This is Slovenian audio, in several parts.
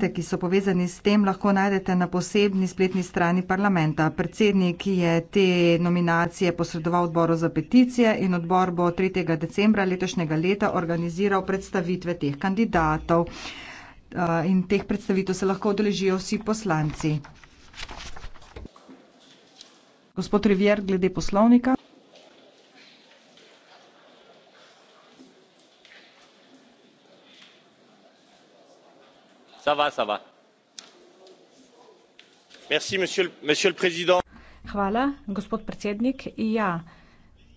dokumente, ki so povezani s tem, lahko najdete na posebni spletni strani parlamenta. Predsednik je te nominacije posredoval odboru za peticije in odbor bo 3. decembra letošnjega leta organiziral predstavitve teh kandidatov. Eh, in teh predstavitev se lahko odeležijo vsi poslanci. Gospod Rivier, glede poslovnika. monsieur le président Hvala, gospod predsednik. Ja,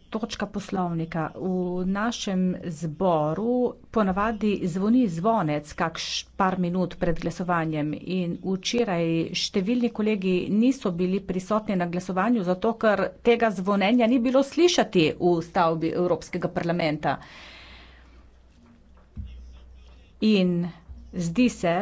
točka poslovnika. V našem zboru ponavadi zvoni zvonec kakš par minut pred glasovanjem in včeraj številni kolegi niso bili prisotni na glasovanju, zato ker tega zvonenja ni bilo slišati v stavbi Evropskega parlamenta. In zdi se,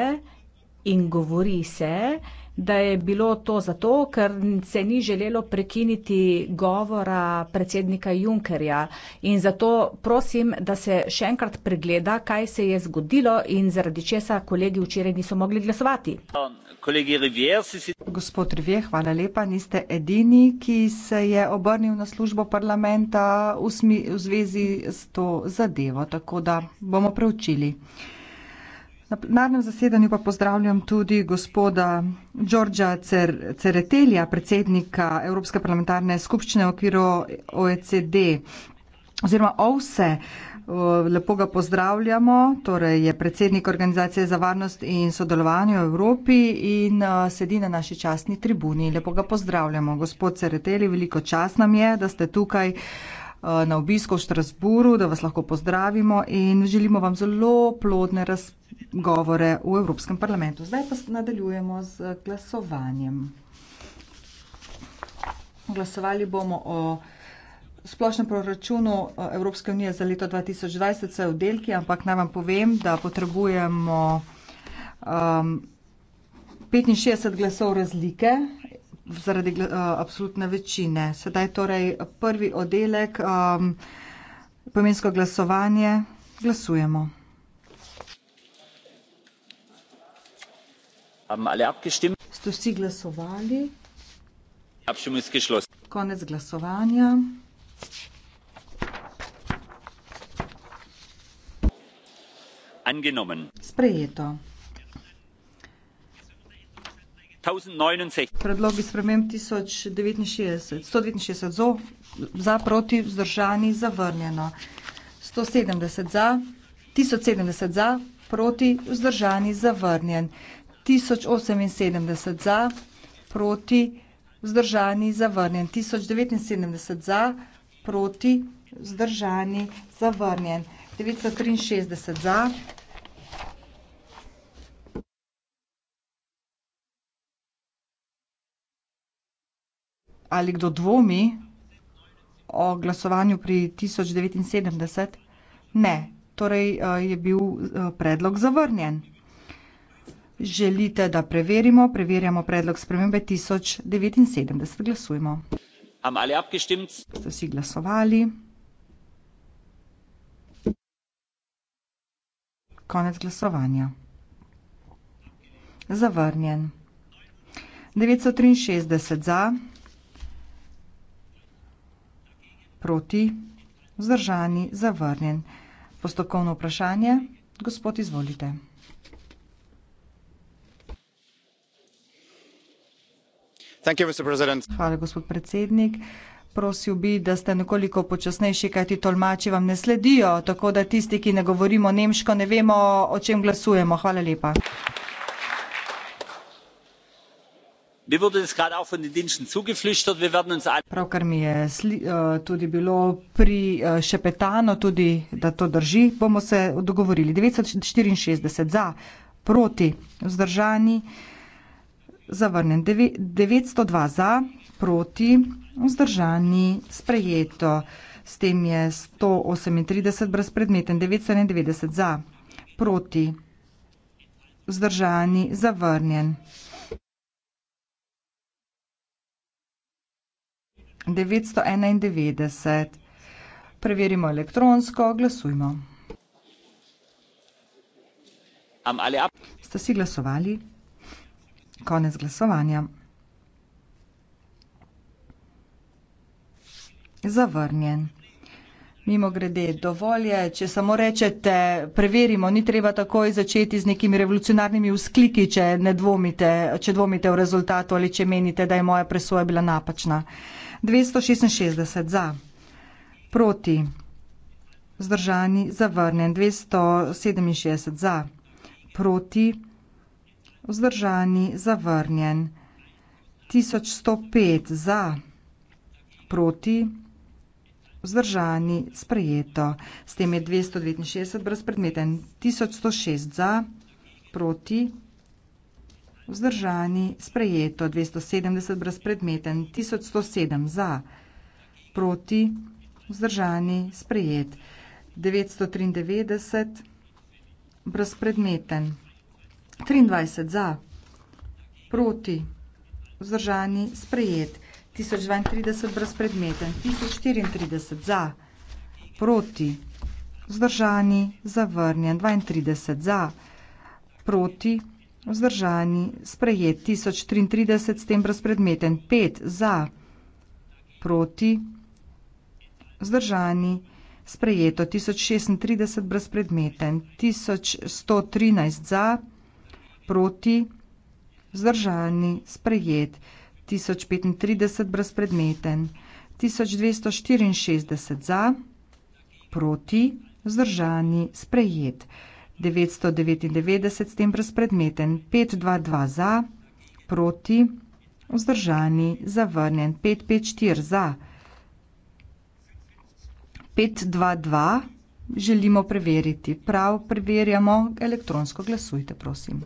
In govori se, da je bilo to zato, ker se ni želelo prekiniti govora predsednika Junkerja. In zato prosim, da se še enkrat pregleda, kaj se je zgodilo in zaradi česa kolegi včeraj niso mogli glasovati. Gospod Rivje, hvala lepa. Niste edini, ki se je obrnil na službo parlamenta v, smi, v zvezi s to zadevo. Tako da bomo preučili. Na plenarnem zasedanju pa pozdravljam tudi gospoda Đorđa Cer Ceretelja, predsednika Evropske parlamentarne skupščine v okviru OECD oziroma OVSE. Lepo ga pozdravljamo, torej je predsednik Organizacije za varnost in sodelovanje v Evropi in sedi na naši častni tribuni. Lepo ga pozdravljamo, gospod Cereteli, veliko čas nam je, da ste tukaj. Eh, na obisko v Štrasburu, da vas lahko pozdravimo in želimo vam zelo plodne razgovore v Evropskem parlamentu. Zdaj pa nadaljujemo z glasovanjem. Glasovali bomo o splošnem proračunu eh, Evropske unije za leto 2020 v delki, ampak naj vam povem, da potrebujemo um, ehm, 65 glasov razlike zaradi uh, absolutne večine. Sedaj torej prvi oddelek, um, eh, pomensko glasovanje, glasujemo. Ste vsi glasovali? Konec glasovanja. Angenomen. Sprejeto. Predlogi sprememb 1069. 169 za, proti, vzdržani, zavrnjeno. 170 za, 1070 za, proti, vzdržani, zavrnjen. 1078 za, proti, vzdržani, zavrnjen. 1079 za, proti, vzdržani, zavrnjen. 963 za. ali kdo dvomi o glasovanju pri 1979? Ne, torej eh, je bil eh, predlog zavrnjen. Želite, da preverimo? Preverjamo predlog spremembe 1079. Glasujemo. Ste vsi glasovali? Konec glasovanja. Zavrnjen. 963 za, Proti. Vzdržani. Zavrnjen. Postopkovno vprašanje. Gospod, izvolite. Thank you, Mr. President. Hvala, gospod predsednik. Prosil bi, da ste nekoliko počasnejši, kajti tolmači vam ne sledijo, tako da tisti, ki ne govorimo nemško, ne vemo, o čem glasujemo. Hvala lepa. Hvala. Pravkar mi je eh, tudi bilo prišepetano, eh, tudi da to drži, bomo se dogovorili. 964 za, proti, vzdržani, zavrnjen. 902 za, proti, vzdržani, sprejeto. S tem je 138 brezpredmeten, 991 za, proti, vzdržani, zavrnjen. 991. Preverimo elektronsko, glasujmo. Ste si glasovali? Konec glasovanja. Zavrnjen. Mimo grede, dovolj je, če samo rečete, preverimo, ni treba takoj začeti z nekimi revolucionarnimi vzkliki, če, ne dvomite, če dvomite v rezultatu ali če menite, da je moja presoja bila napačna. Uh, 266 za, proti, vzdržani, zavrnjen, 267 za, proti, vzdržani, zavrnjen, 1105 za, proti, vzdržani, sprejeto. S tem je 269 brez predmeten, 1106 za, proti, vzdržani, sprejeto vzdržani, sprejeto 270 brezpredmeten, 1107 za, proti vzdržani, sprejet 993 brezpredmeten, 23 za, proti vzdržani, sprejet 1032 brezpredmeten, 1034 za, proti vzdržani, zavrnjen 32 za, proti vzdržani, Vzdržani, sprejet 1033, s tem brezpredmeten, 5 za, proti, vzdržani, sprejeto 1036, brezpredmeten, 1113 za, proti, vzdržani, sprejet 1035, brezpredmeten, 1264 za, proti, vzdržani, sprejet. 999, s tem brezpredmeten. 522 za, proti, vzdržani, zavrnjen. 554 za. 522 želimo preveriti. Prav, preverjamo elektronsko. Glasujte, prosim.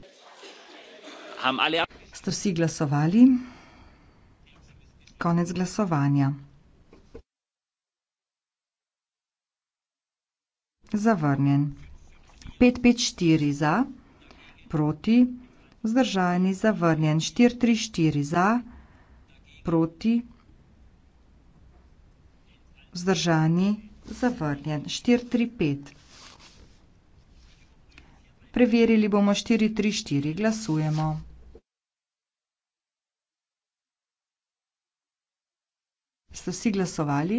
Ste vsi glasovali? Konec glasovanja. Zavrnjen pet pet štiri za, proti, vzdržani, zavrnjen, štiri tri štiri za, proti, vzdržani, zavrnjen, štiri tri pet. Preverili bomo štiri tri štiri, glasujemo. Ste vsi glasovali?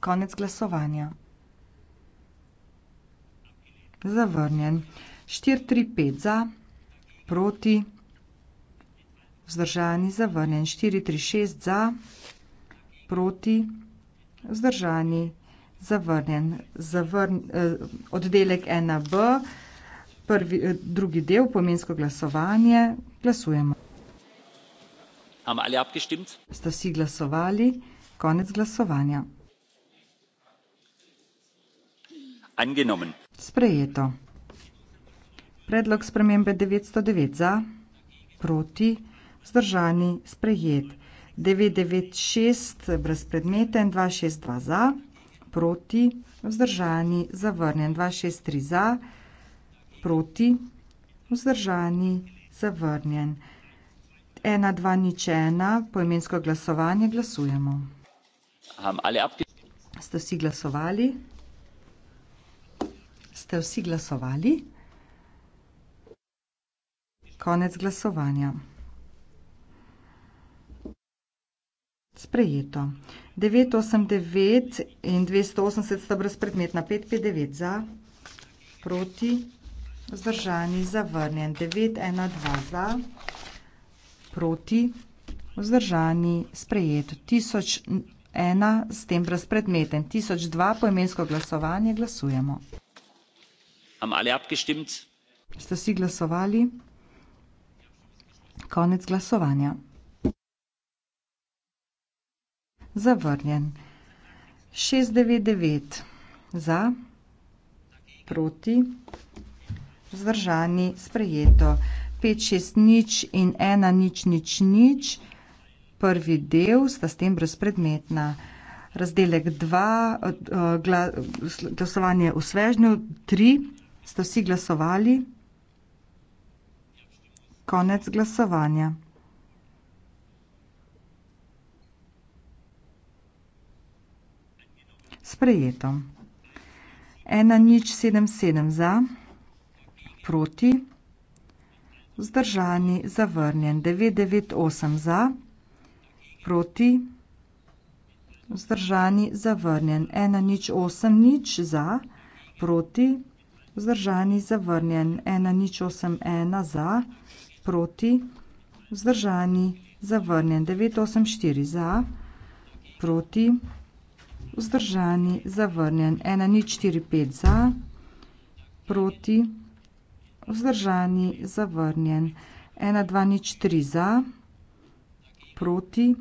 Konec glasovanja. Zavrnjen. 4-3-5 za, proti, vzdržani, zavrnjen. 4-3-6 za, proti, vzdržani, zavrnjen. Zavrn, eh, oddelek 1b, prvi, eh, drugi del, pomensko glasovanje, glasujemo. Ste vsi glasovali? Konec glasovanja. Angenommen. Sprejeto. Predlog spremembe 909 za, proti, vzdržani, sprejet. 996 brezpredmeten, 262 za, proti, vzdržani, zavrnjen. 263 za, proti, vzdržani, zavrnjen. 1201, poimensko glasovanje, glasujemo. Ste vsi glasovali? Ste vsi glasovali? Konec glasovanja. Sprejeto. 989 in 280 sta brezpredmetna. 559 za, proti, vzdržani, zavrnjen. 912 za, proti, vzdržani, sprejeto. 1001 s tem brezpredmeten. 1002 poimensko glasovanje glasujemo haben alle abgestimmt? Ste vsi glasovali? Konec glasovanja. Zavrnjen. 699 za, proti, vzdržani, sprejeto. 560 nič in 1 nič nič nič. Prvi del sta s tem brezpredmetna. Razdelek 2, eh, glasovanje v svežnju 3, Ste vsi glasovali? Konec glasovanja. Sprejeto. 1 nič 7 7 za, proti, vzdržani, zavrnjen. 9 9 8 za, proti, vzdržani, zavrnjen. 1 nič 8 nič za, proti, vzdržani vzdržani, zavrnjen. 1, 0, 8, 1, za, proti, vzdržani, zavrnjen. 9, 8, 4, za, proti, vzdržani, zavrnjen. 1, 0, 4, 5, za, proti, vzdržani, zavrnjen. 1, 2, 0, 4, za, proti,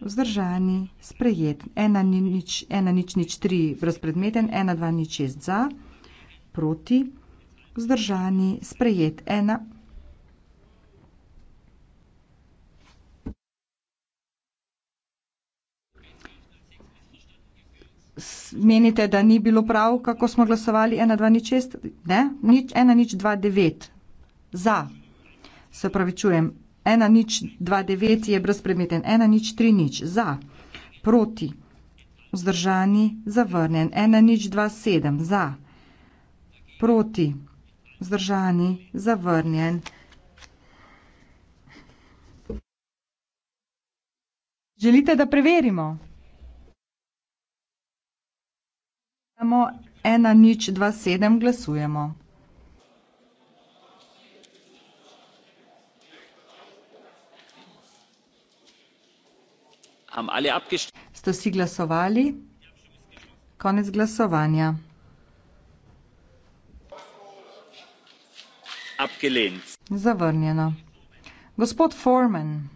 vzdržani, sprejet. 1, 0, 0, 3, brezpredmeten. 1, 2, 0, 6, za, proti, vzdržani, sprejet proti, vzdržani, sprejet ena. Menite, da ni bilo prav, kako smo glasovali, ena, dva, nič šest, ne, nič, ena, nič, dva, devet, za, se pravi, čujem, ena, nič, dva, devet je brezpredmeten, ena, nič, tri, nič, za, proti, vzdržani, zavrnjen, ena, nič, dva, sedem, za, proti, proti, vzdržani, zavrnjen. Želite, da preverimo? Samo ena nič, dva sedem glasujemo. Ste vsi glasovali? Konec glasovanja. abgelehnt. Zavrnjeno. Gospod Foreman.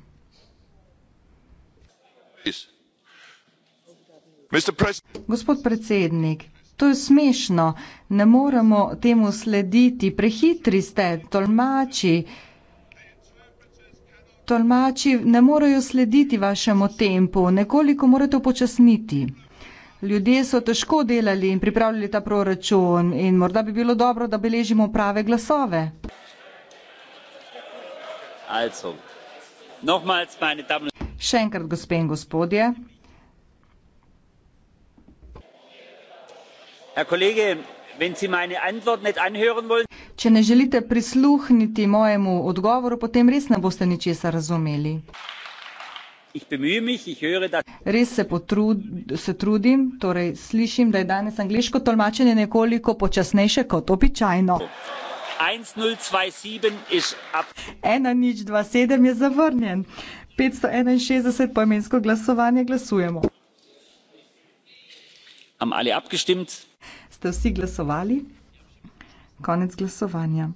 Gospod predsednik. To je smešno, ne moremo temu slediti. Prehitri ste, tolmači. Tolmači ne morejo slediti vašemu tempu, nekoliko morate upočasniti. Ljudje so težko delali in pripravljali ta proračun in morda bi bilo dobro, da beležimo prave glasove. Also. Nochmals, meine Damen und Herren. Še enkrat, gospe in gospodje. Herr Kollege, wenn Sie meine Antwort nicht anhören wollen. Če ne želite prisluhniti mojemu odgovoru, potem res ne boste ničesar razumeli. Res se, potrud, se trudim, torej slišim, da je danes angliško tolmačenje nekoliko počasnejše kot običajno. 1027 je zavrnjen. 561 poimensko glasovanje glasujemo. Ste vsi glasovali? Konec glasovanja.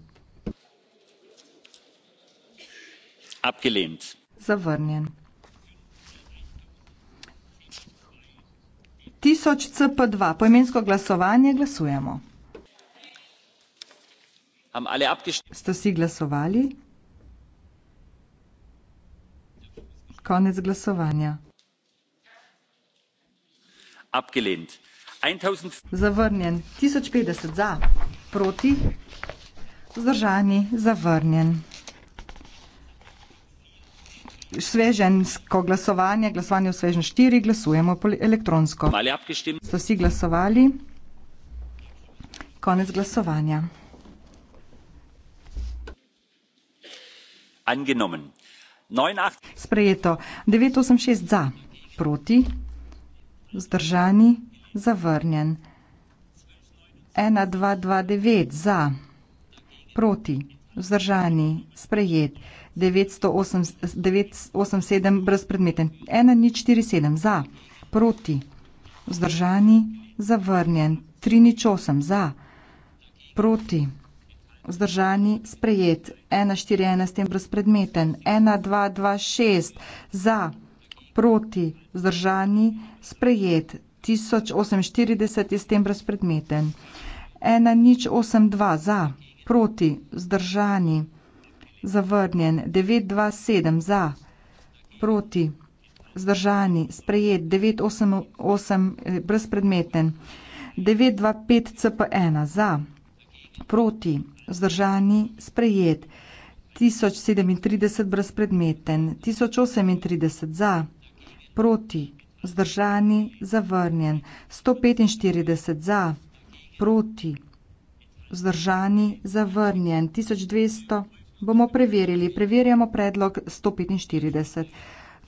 Abgelehnt. Zavrnjen. tisoč CP dva. Poimensko glasovanje, glasujemo. Ste vsi glasovali? Konec glasovanja. Abgelehnt. Zavrnjen. Tisoč petdeset za. Proti? Vzdržani. Zavrnjen sveženjsko glasovanje, glasovanje v svežen štiri, glasujemo elektronsko. So vsi glasovali? Konec glasovanja. Angenomen. Sprejeto. 9.86 za, proti, vzdržani, zavrnjen. 1.229 za, proti, vzdržani, sprejet, 987 brezpredmeten, 1047 za, proti, vzdržani, zavrnjen, 308 za, proti, vzdržani, sprejet, 141 s tem brezpredmeten, 1226 za, proti, vzdržani, sprejet, 1048 je s tem brezpredmeten, 1082 za, proti, zdržani, zavrnjen, 927 za, proti, zdržani, sprejet, 988 eh, brezpredmeten, 925 cp1 za, proti, zdržani, sprejet, 1037 brezpredmeten, 1038 za, proti, zdržani, zavrnjen, 145 za, proti, zdržani, zavrnjen, 145 za, proti, vzdržani, zavrnjen 1200, bomo preverili. Preverjamo predlog 145.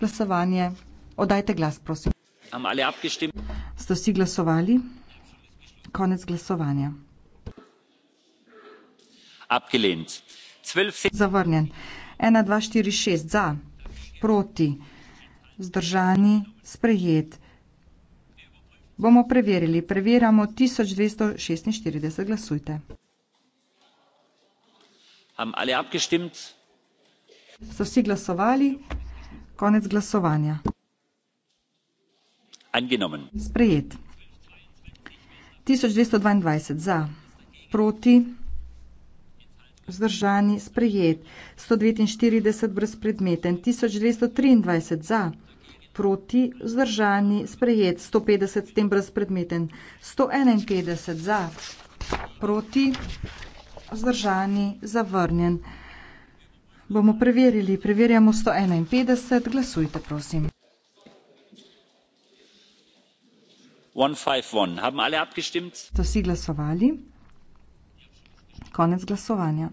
Glasovanje. Odajte glas, prosim. Ste vsi glasovali? Konec glasovanja. Abgelehnt. Zavrnjen. 1, 2, 4, 6 za, proti, vzdržani, sprejet. Bomo preverili. Preverjamo 1246. Glasujte. Haben alle abgestimmt? So vsi glasovali? Konec glasovanja. Angenommen. Sprejet. 1222 za, proti, vzdržani, sprejet. 149 brez predmeten. 1223 za proti, vzdržani, sprejet, 150 s tem brezpredmeten, 151 za, proti, vzdržani, zavrnjen. Bomo preverili, preverjamo 151, glasujte prosim. 151, haben alle abgestimmt? Ste vsi glasovali? Konec glasovanja.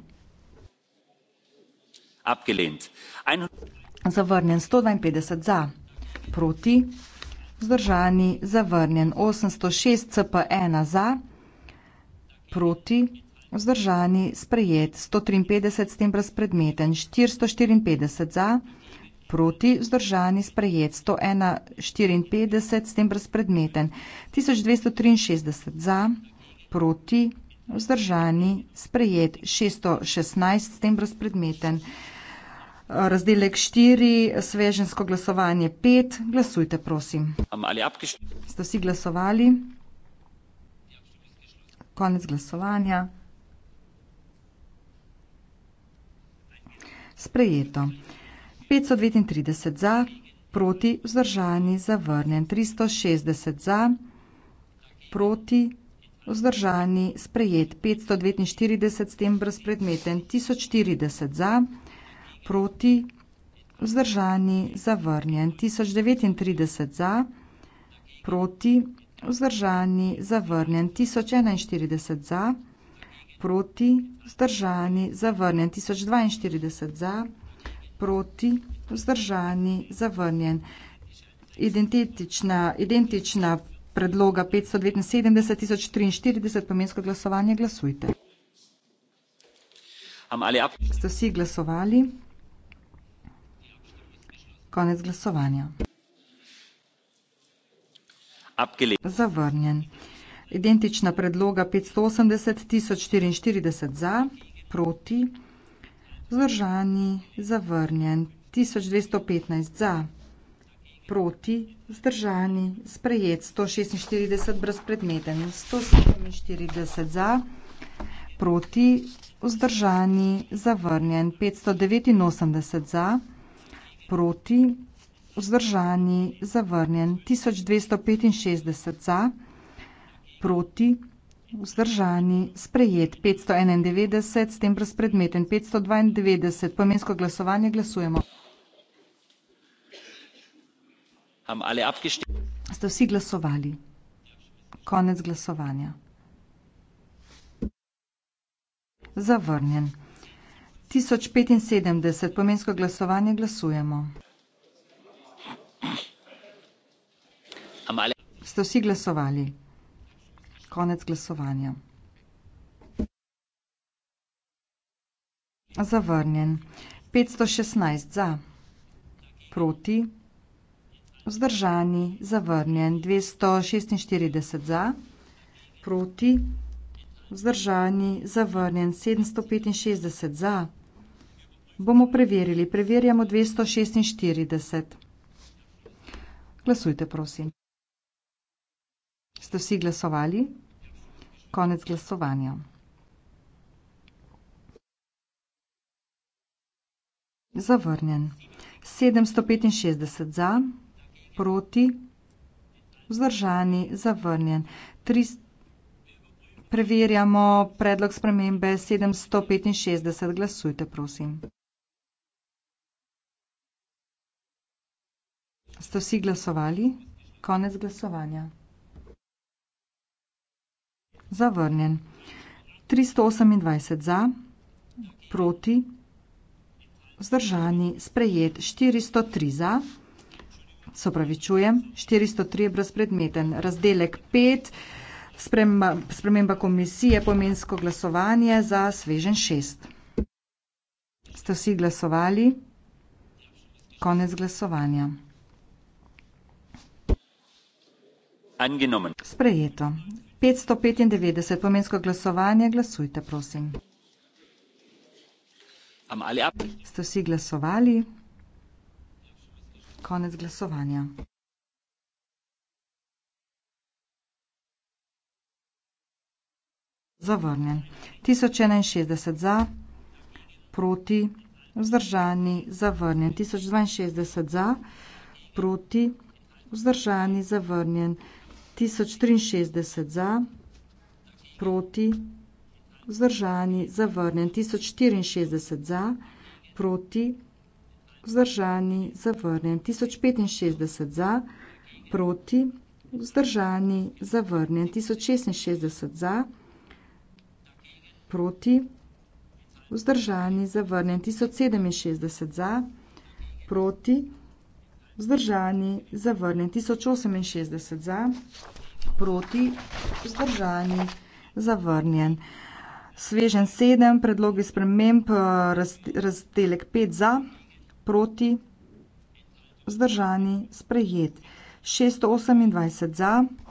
Abgelehnt. Ein... Zavrnjen 152 za proti, vzdržani, zavrnjen. 806 CP1 za, proti, vzdržani, sprejet. 153 s tem brezpredmeten, 454 za, proti, vzdržani, sprejet. 1154 s tem brezpredmeten, 1263 za, proti, vzdržani, sprejet. 616 s tem brezpredmeten. Razdelek 4, svežensko glasovanje 5. Glasujte, prosim. Ste vsi glasovali? Konec glasovanja. Sprejeto. 539 za, proti vzdržani, zavrnjen. 360 za, proti vzdržani, sprejet. 549 s tem brezpredmeten. 1040 za proti, vzdržani, zavrnjen. 1039 za, proti, vzdržani, zavrnjen. 1041 za, proti, vzdržani, zavrnjen. 1042 za, proti, vzdržani, zavrnjen. Identična, identična predloga 579 1043 pomensko glasovanje glasujte. Ste vsi glasovali? konec glasovanja zavrnjen identična predloga petsto osemdeset tisoč štiriinštirideset za proti vzdržani zavrnjen tisoč dvesto petnajst za proti vzdržani sprejet sto šestinštirideset brezpredmeten sto sedeminštirideset za proti vzdržani zavrnjen petsto devetinosemdeset za proti, vzdržani, zavrnjen, 1265 za, proti, vzdržani, sprejet, 591, s tem brezpredmeten, 592, pomensko glasovanje, glasujemo. Ste vsi glasovali? Konec glasovanja. Zavrnjen tisočpetinsedemdeset pomensko glasovanje glasujemo ste vsi glasovali konec glasovanja zavrnjen petsto šestnajst za proti vzdržani zavrnjen dvesto šestinštirideset za proti vzdržani, zavrnjen, 765 za. Bomo preverili. Preverjamo 246. Glasujte, prosim. Ste vsi glasovali? Konec glasovanja. Zavrnjen. 765 za, proti, vzdržani, zavrnjen. 300. Preverjamo predlog spremembe 765. Glasujte, prosim. Ste vsi glasovali? Konec glasovanja. Zavrnjen. 328 za, proti, vzdržani, sprejet. 403 za, se pravi čujem, 403 je brezpredmeten. Razdelek 5. Sprema, sprememba komisije pomensko glasovanje za svežen šest. Ste vsi glasovali? Konec glasovanja. Angenomen. Sprejeto. 595 pomensko glasovanje, glasujte prosim. Ste vsi glasovali? Konec glasovanja. zavrnjen. 1061 za, proti, vzdržani, zavrnjen. 1062 za, proti, vzdržani, zavrnjen. 1063 za, proti, vzdržani, zavrnjen. 1064 za, proti, vzdržani, zavrnjen. 1065 za, proti, vzdržani, zavrnjen. 1066 za, proti, vzdržani, zavrnjen proti, vzdržani, zavrnjen. 1067 za, proti, vzdržani, zavrnjen. 1068 za, proti, vzdržani, zavrnjen. Svežen 7, predlogi sprememb, razdelek 5 za, proti, vzdržani, sprejet. 628 za, proti, vzdržani, sprejet.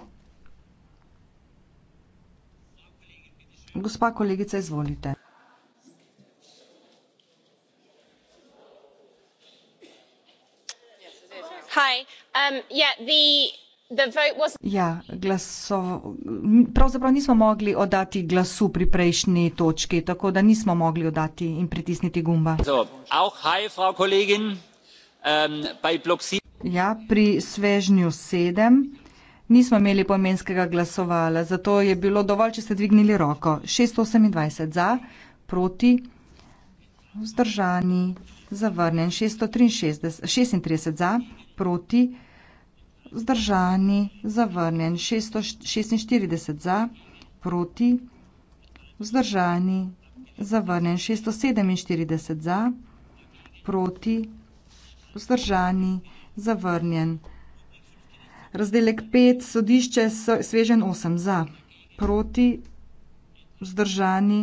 Gospa kolegica, izvolite. Um, ja, pravzaprav nismo mogli oddati glasu pri prejšnji točki, tako da nismo mogli oddati in pritisniti gumba. Ähm, ja, pri svežnju sedem. Nismo imeli pomenskega glasovala, zato je bilo dovolj, če ste dvignili roko. 628 za, proti, vzdržani, zavrnjen. 663, 36 za, proti, vzdržani, zavrnjen. 646 za, proti, vzdržani, zavrnjen. 647 za, proti, vzdržani, zavrnjen. Razdelek 5, sodišče svežen 8 za, proti, vzdržani,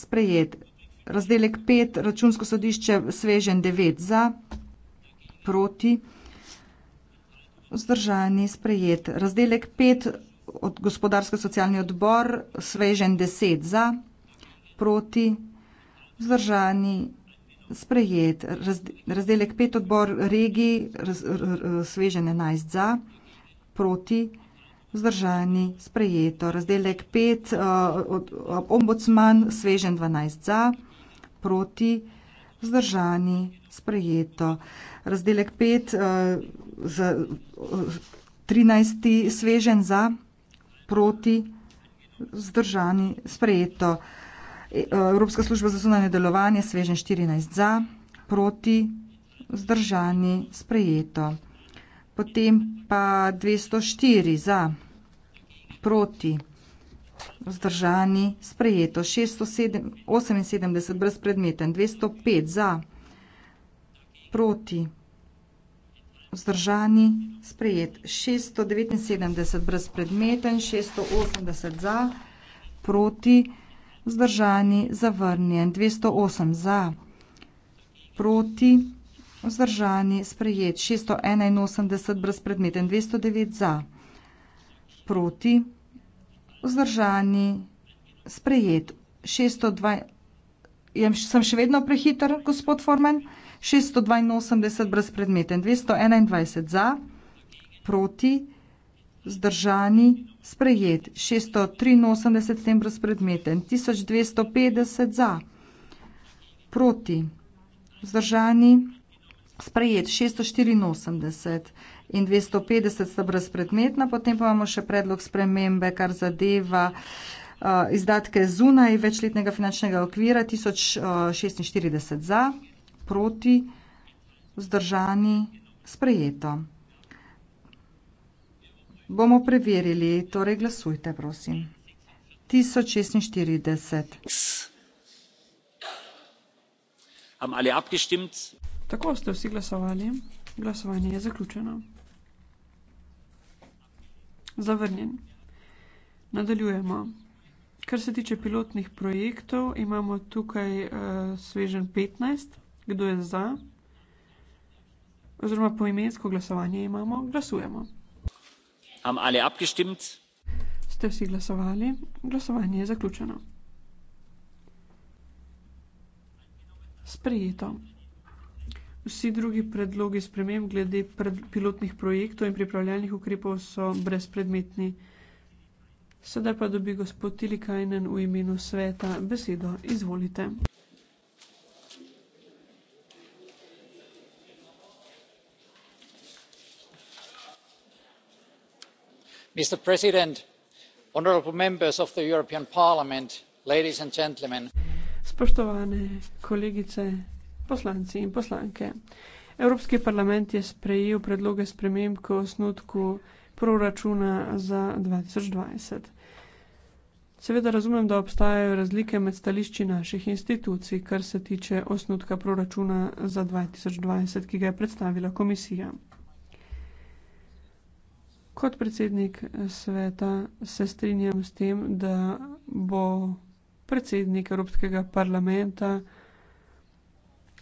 sprejet. Razdelek 5, računsko sodišče svežen 9 za, proti, vzdržani, sprejet. Razdelek 5, od gospodarsko-socialni odbor svežen 10 za, proti, vzdržani, sprejet. Razdelek 5, odbor regiji svežen 11 za proti vzdržani, sprejeto. Razdelek 5, uh, eh, ombudsman, svežen 12 za, proti vzdržani, sprejeto. Razdelek 5, uh, eh, za, uh, 13 svežen za, proti vzdržani, sprejeto. E, eh, Evropska služba za zunanje delovanje, svežen 14 za, proti vzdržani, sprejeto potem pa 204 za, proti, vzdržani, sprejeto, 678 brezpredmeten, 205 za, proti, vzdržani, sprejet, 679 brezpredmeten, 680 za, proti, vzdržani, zavrnjen, 208 za, proti, vzdržani, Vzdržani sprejet 681 brezpredmeten 209 za. Proti. Vzdržani sprejet 602. Sem še vedno prehiter, gospod Formen. 682 brezpredmeten 221 za. Proti. Vzdržani sprejet 683 s tem brezpredmeten 1250 za. Proti. Vzdržani sprejet sprejet 684 in 250 sta brezpredmetna, potem pa imamo še predlog spremembe, kar zadeva eh, izdatke zunaj večletnega finančnega okvira 1046 eh, za, proti, vzdržani, sprejeto. Bomo preverili, torej glasujte, prosim. 1046. Tako ste vsi glasovali. Glasovanje je zaključeno. Zavrnjen. Nadaljujemo. Kar se tiče pilotnih projektov, imamo tukaj uh, eh, svežen 15. Kdo je za? Oziroma poimensko glasovanje imamo. Glasujemo. Ste vsi glasovali? Glasovanje je zaključeno. Sprejeto vsi drugi predlogi sprememb glede pred pilotnih projektov in pripravljalnih ukrepov so brezpredmetni. Sedaj pa dobi gospod Tilikajnen v imenu sveta besedo. Izvolite. Mr. President, honorable members of the European Parliament, ladies and gentlemen. Spoštovane kolegice poslanci in poslanke. Evropski parlament je sprejel predloge sprememb k osnutku proračuna za 2020. Seveda razumem, da obstajajo razlike med stališči naših institucij, kar se tiče osnutka proračuna za 2020, ki ga je predstavila komisija. Kot predsednik sveta se strinjam s tem, da bo predsednik Evropskega parlamenta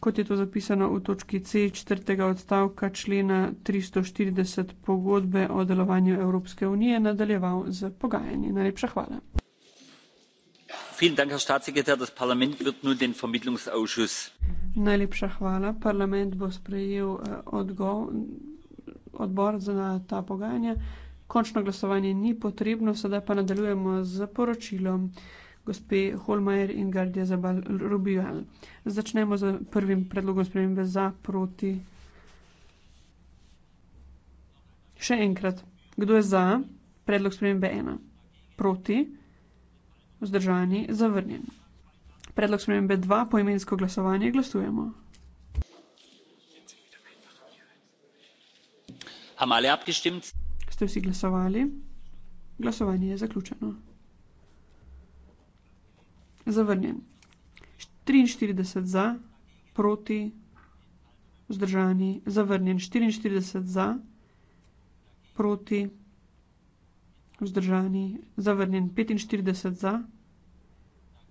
kot je to zapisano v točki C četrtega odstavka člena 340 pogodbe o delovanju Evropske unije, nadaljeval z pogajanji. Najlepša hvala. Dank, Herr das Najlepša hvala. Parlament bo sprejel eh, odbor za ta pogajanja. Končno glasovanje ni potrebno, sedaj pa nadaljujemo z poročilom gospe Holmajer in Gardija Zabal Rubijal. Začnemo z prvim predlogom spremembe za proti. Še enkrat, kdo je za predlog spremembe ena? Proti, vzdržani, zavrnjen. Predlog spremembe dva, poimensko glasovanje, glasujemo. Ste vsi glasovali? Glasovanje je zaključeno. Zavrnjen. 43 za, proti, vzdržani, zavrnjen. 44 za, proti, vzdržani, zavrnjen. 45 za,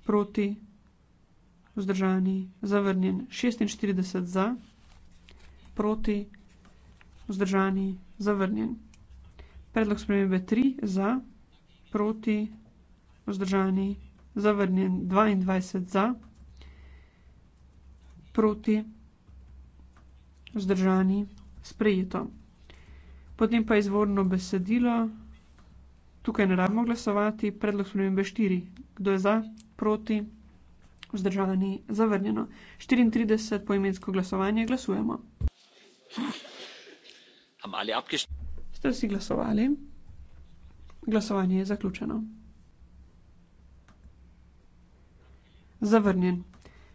proti, vzdržani, zavrnjen. 46 za, proti, vzdržani, zavrnjen. Predlog spremembe 3 za, proti, vzdržani, zavrnjen zavrnjen 22 za, proti, vzdržani, sprejeto. Potem pa izvorno besedilo, tukaj ne rabimo glasovati, predlog spremembe 4. Kdo je za, proti, vzdržani, zavrnjeno. 34 poimensko glasovanje, glasujemo. Ste vsi glasovali? Glasovanje je zaključeno. Zavrnjen.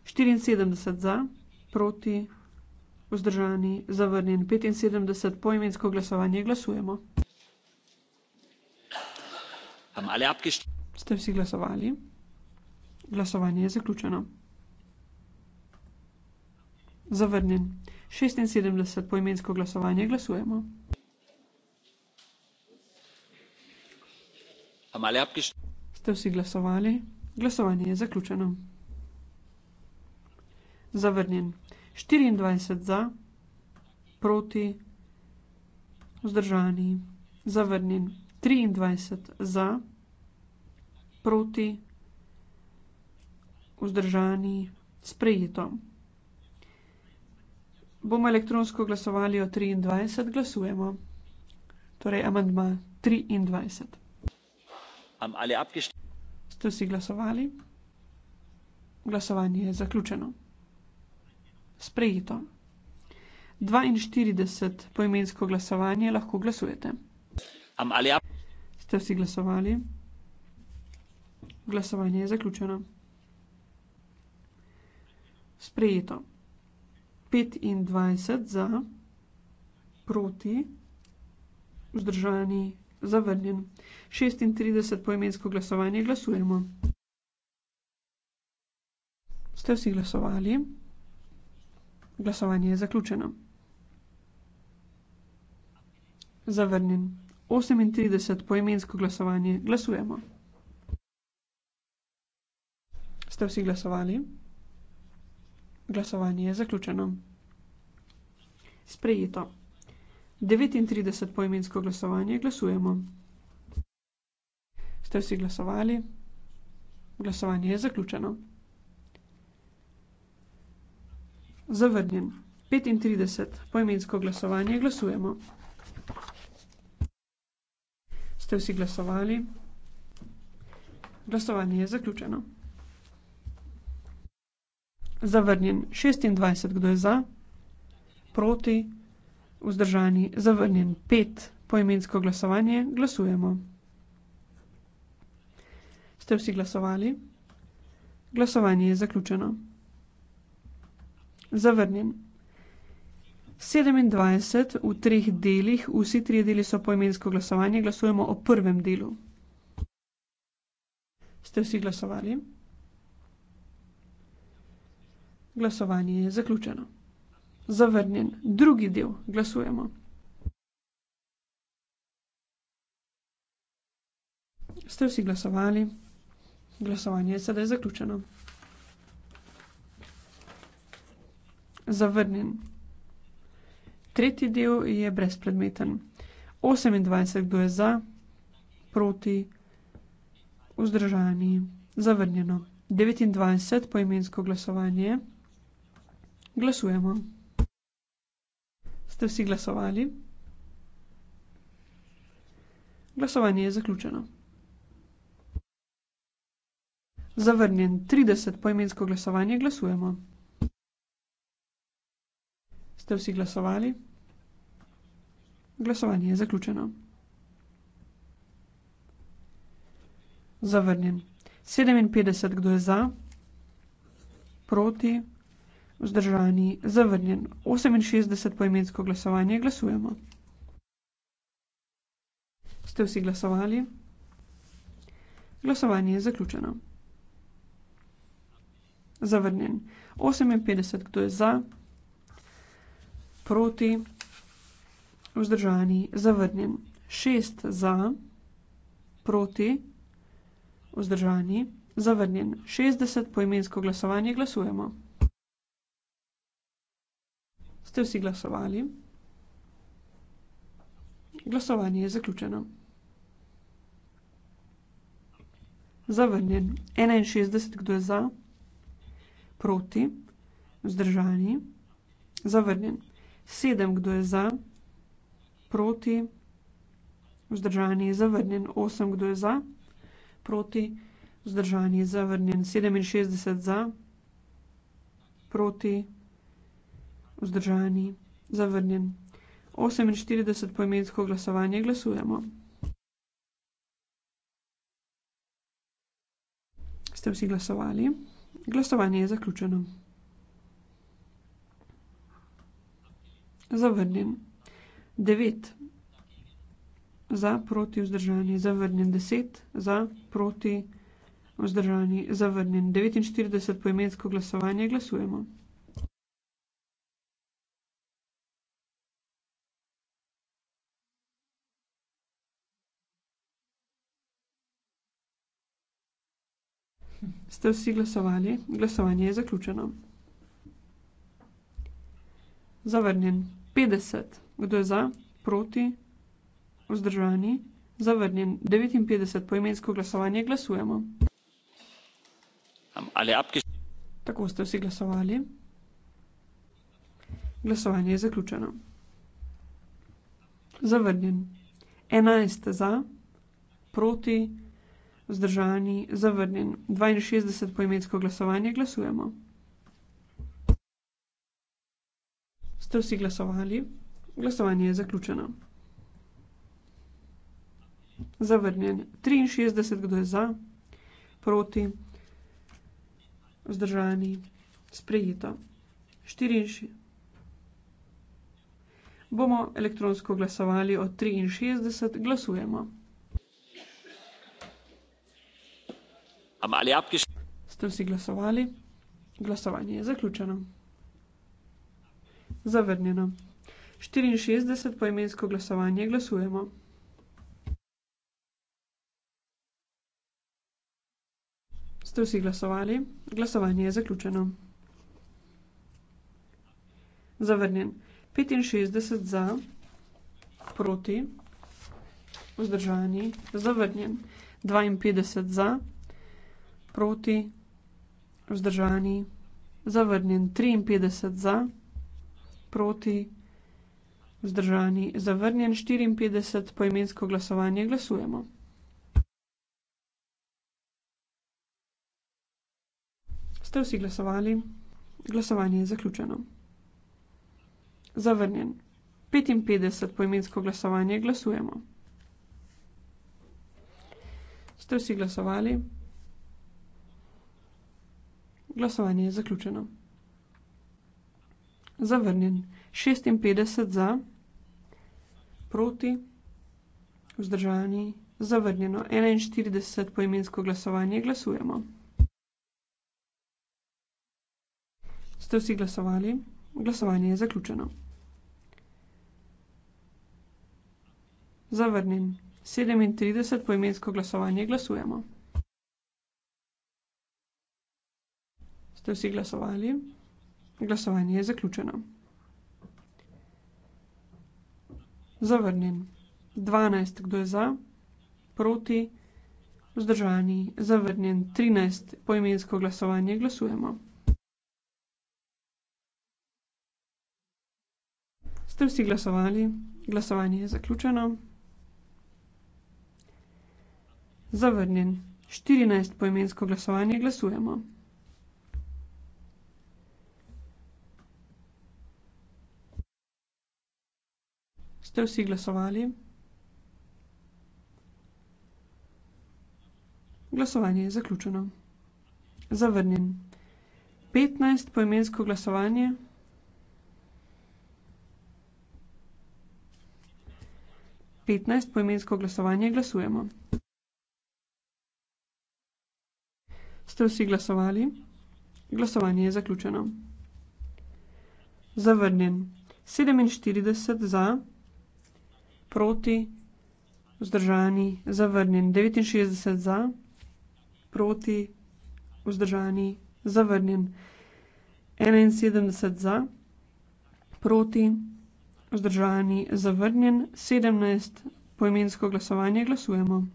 74 za, proti, vzdržani, zavrnjen. 75 poimensko glasovanje. Glasujemo. Ste vsi glasovali? Glasovanje je zaključeno. Zavrnjen. 76 poimensko glasovanje. Glasujemo. Ste vsi glasovali? Glasovanje je zaključeno. Zavrnjen. 24 za, proti, vzdržani. Zavrnjen. 23 za, proti, vzdržani. Sprejeto. Bomo elektronsko glasovali o 23, glasujemo. Torej, amandma 23. Ste vsi glasovali? Glasovanje je zaključeno. Sprejeto. 42 poimensko glasovanje lahko glasujete. Ste vsi glasovali? Glasovanje je zaključeno. Sprejeto. 25 za, proti, vzdržani, zavrnjen. 36 poimensko glasovanje glasujemo. Ste vsi glasovali? Glasovanje je zaključeno. Zavrnjen. 38 poimensko glasovanje. Glasujemo. Ste vsi glasovali? Glasovanje je zaključeno. Sprejeto. 39 poimensko glasovanje. Glasujemo. Ste vsi glasovali? Glasovanje je zaključeno. Zavrnjen. 35. Poimensko glasovanje. Glasujemo. Ste vsi glasovali? Glasovanje je zaključeno. Zavrnjen. 26. Kdo je za? Proti? Vzdržani. Zavrnjen. 5. Poimensko glasovanje. Glasujemo. Ste vsi glasovali? Glasovanje je zaključeno. Zavrnjen. 27 v treh delih, vsi tri deli so poimensko glasovanje, glasujemo o prvem delu. Ste vsi glasovali? Glasovanje je zaključeno. Zavrnjen. Drugi del. Glasujemo. Ste vsi glasovali? Glasovanje je sedaj zaključeno. zavrnjen. Tretji del je brezpredmeten. 28 kdo je za, proti, vzdržani, zavrnjeno. 29 poimensko glasovanje. Glasujemo. Ste vsi glasovali? Glasovanje je zaključeno. Zavrnjen 30 poimensko glasovanje glasujemo. Ste vsi glasovali? Glasovanje je zaključeno. Zavrnjen. 57, kdo je za? Proti? Vzdržani? Zavrnjen. 68 poimensko glasovanje. Glasujemo. Ste vsi glasovali? Glasovanje je zaključeno. Zavrnjen. 58, kdo je za? proti, vzdržani, zavrnjen. Šest za, proti, vzdržani, zavrnjen. 60 poimensko glasovanje glasujemo. Ste vsi glasovali? Glasovanje je zaključeno. Zavrnjen. 61, kdo je za? Proti. Vzdržani. Zavrnjen. 7, kdo je za, proti, vzdržani je zavrnjen, 8, kdo je za, proti, vzdržani je zavrnjen, 67 za, proti, vzdržani, zavrnjen. 48 poimensko glasovanje glasujemo. Ste vsi glasovali? Glasovanje je zaključeno. Zavrnjen. 9. Za, proti, vzdržani. Zavrnjen. 10. Za, proti, vzdržani. Zavrnjen. 49. Poimensko glasovanje. Glasujemo. Ste vsi glasovali? Glasovanje je zaključeno. Zavrnjen. 50, kdo je za, proti, vzdržani, zavrnjen. 59 po imensko glasovanje glasujemo. Tako ste vsi glasovali. Glasovanje je zaključeno. Zavrnjen. 11 za, proti, vzdržani, zavrnjen. 62 po imensko glasovanje glasujemo. ste vsi glasovali? Glasovanje je zaključeno. Zavrnjeno. 63, kdo je za, proti, vzdržani, sprejeto. 64. Bomo elektronsko glasovali od 63, glasujemo. Ste vsi glasovali? Glasovanje je zaključeno zavrnjeno 64 poimensko glasovanje glasujemo ste vsi glasovali glasovanje je zaključeno zavrnjen petinšestdeset za proti vzdržani zavrnjen dvainpetdeset za proti vzdržani zavrnjen triinpetdeset za proti, vzdržani, zavrnjen 54, poimensko glasovanje glasujemo. Ste vsi glasovali? Glasovanje je zaključeno. Zavrnjen 55, poimensko glasovanje glasujemo. Ste vsi glasovali? Glasovanje je zaključeno zavrnjen 56 za proti vzdržani zavrnjeno 41 poimensko glasovanje glasujemo ste vsi glasovali glasovanje je zaključeno zavrnjen 37 poimensko glasovanje glasujemo ste vsi glasovali Glasovanje je zaključeno. Zavrnjen. 12. Kdo je za? Proti? Vzdržani? Zavrnjen. 13. Poimensko glasovanje glasujemo. Ste vsi glasovali? Glasovanje je zaključeno. Zavrnjen. 14. Poimensko glasovanje glasujemo. Ste vsi glasovali? Glasovanje je zaključeno. Zavrnjen. 15 poimensko glasovanje. Petnajst poimensko glasovanje glasujemo. Ste vsi glasovali? Glasovanje je zaključeno. Zavrnjen. 47 za, proti, vzdržani, zavrnjen. 69 za, proti, vzdržani, zavrnjen. 71 za, proti, vzdržani, zavrnjen. 17 poimensko glasovanje glasujemo.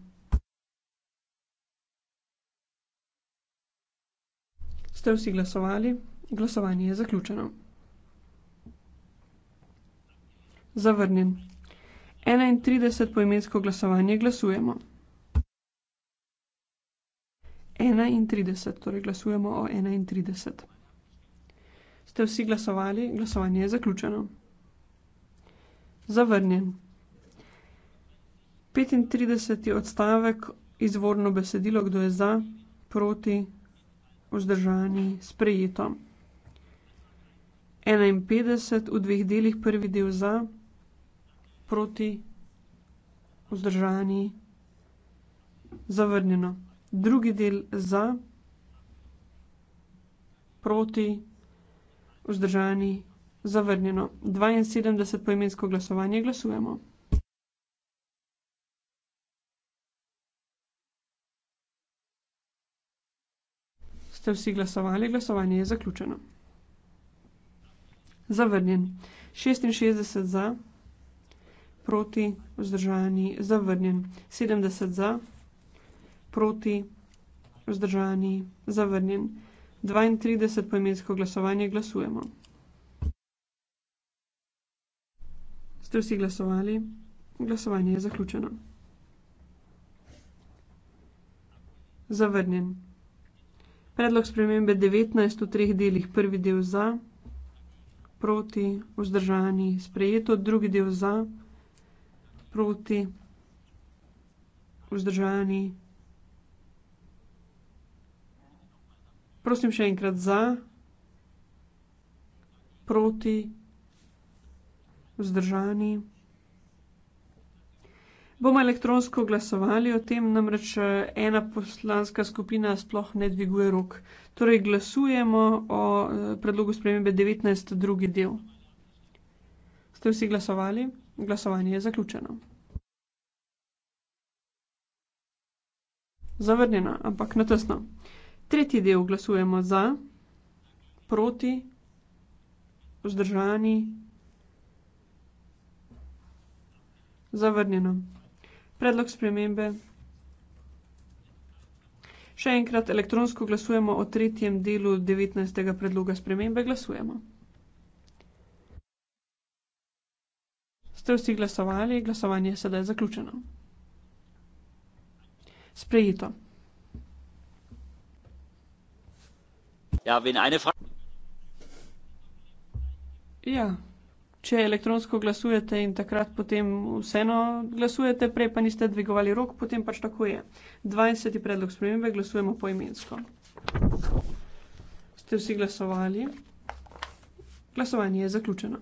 Ste vsi glasovali? Glasovanje je zaključeno. Zavrnjen. 31 poimensko glasovanje glasujemo. 31, torej glasujemo o 31. Ste vsi glasovali? Glasovanje je zaključeno. Zavrnjen. 35. odstavek, izvorno besedilo, kdo je za, proti, vzdržani, sprejeto. 51 v dveh delih, prvi del za, proti, vzdržani, zavrnjeno. Drugi del za, proti, vzdržani, zavrnjeno. 72 poimensko glasovanje glasujemo. Ste vsi glasovali, glasovanje je zaključeno. Zavrnjen. 66 za, proti, vzdržani, zavrnjen. 70 za, proti, vzdržani, zavrnjen. 32 poimensko glasovanje glasujemo. Ste vsi glasovali? Glasovanje je zaključeno. Zavrnjen. Predlog spremembe 19 v treh delih. Prvi del za, proti, vzdržani, sprejeto, drugi del za, proti, vzdržani. Prosim še enkrat za, proti, vzdržani. Bomo elektronsko glasovali o tem, namreč ena poslanska skupina sploh ne dviguje rok. Torej glasujemo o eh, predlogu spremembe 19. drugi del. Ste vsi glasovali? Glasovanje je zaključeno. Zavrnjeno, ampak na tesno. Tretji del glasujemo za, proti, vzdržani, zavrnjeno. Predlog spremembe. Še enkrat elektronsko glasujemo o tretjem delu 19. predloga spremembe. Glasujemo. ste vsi glasovali, glasovanje je sedaj zaključeno. Sprejeto. Ja, ja, če elektronsko glasujete in takrat potem vseeno glasujete, prej pa niste dvigovali rok, potem pač tako je. 20. predlog spremembe glasujemo poimensko. Ste vsi glasovali? Glasovanje je zaključeno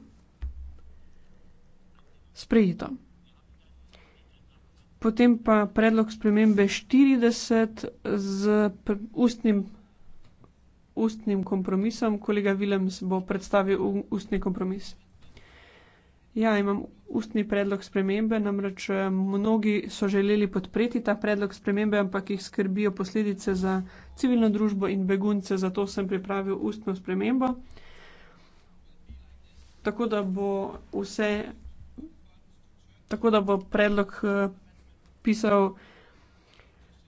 sprejeto. Potem pa predlog spremembe 40 z ustnim, ustnim kompromisom. Kolega Willems bo predstavil ustni kompromis. Ja, imam ustni predlog spremembe, namreč eh, mnogi so želeli podpreti ta predlog spremembe, ampak jih skrbijo posledice za civilno družbo in begunce, zato sem pripravil ustno spremembo. Tako da bo vse Tako da bo predlog eh, pisal,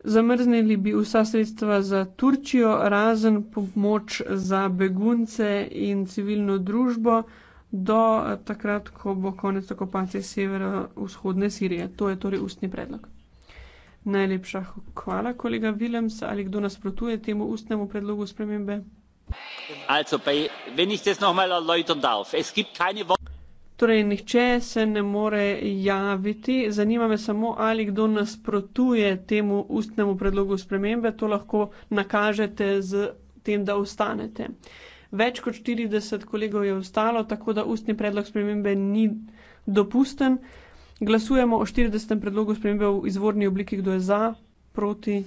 zamrznili bi vsa sredstva za Turčijo, razen pomoč za begunce in civilno družbo do eh, takrat, ko bo konec okupacije severovzhodne Sirije. To je torej ustni predlog. Najlepša hvala, kolega Willems. Ali kdo nasprotuje temu ustnemu predlogu spremembe? Also, bei, wenn ich das noch mal erläutern darf. Es gibt keine Torej, nihče se ne more javiti. Zanima me samo, ali kdo nasprotuje temu ustnemu predlogu spremembe. To lahko nakažete z tem, da ostanete. Več kot 40 kolegov je ostalo, tako da ustni predlog spremembe ni dopusten. Glasujemo o 40. predlogu spremembe v izvorni obliki, kdo je za, proti.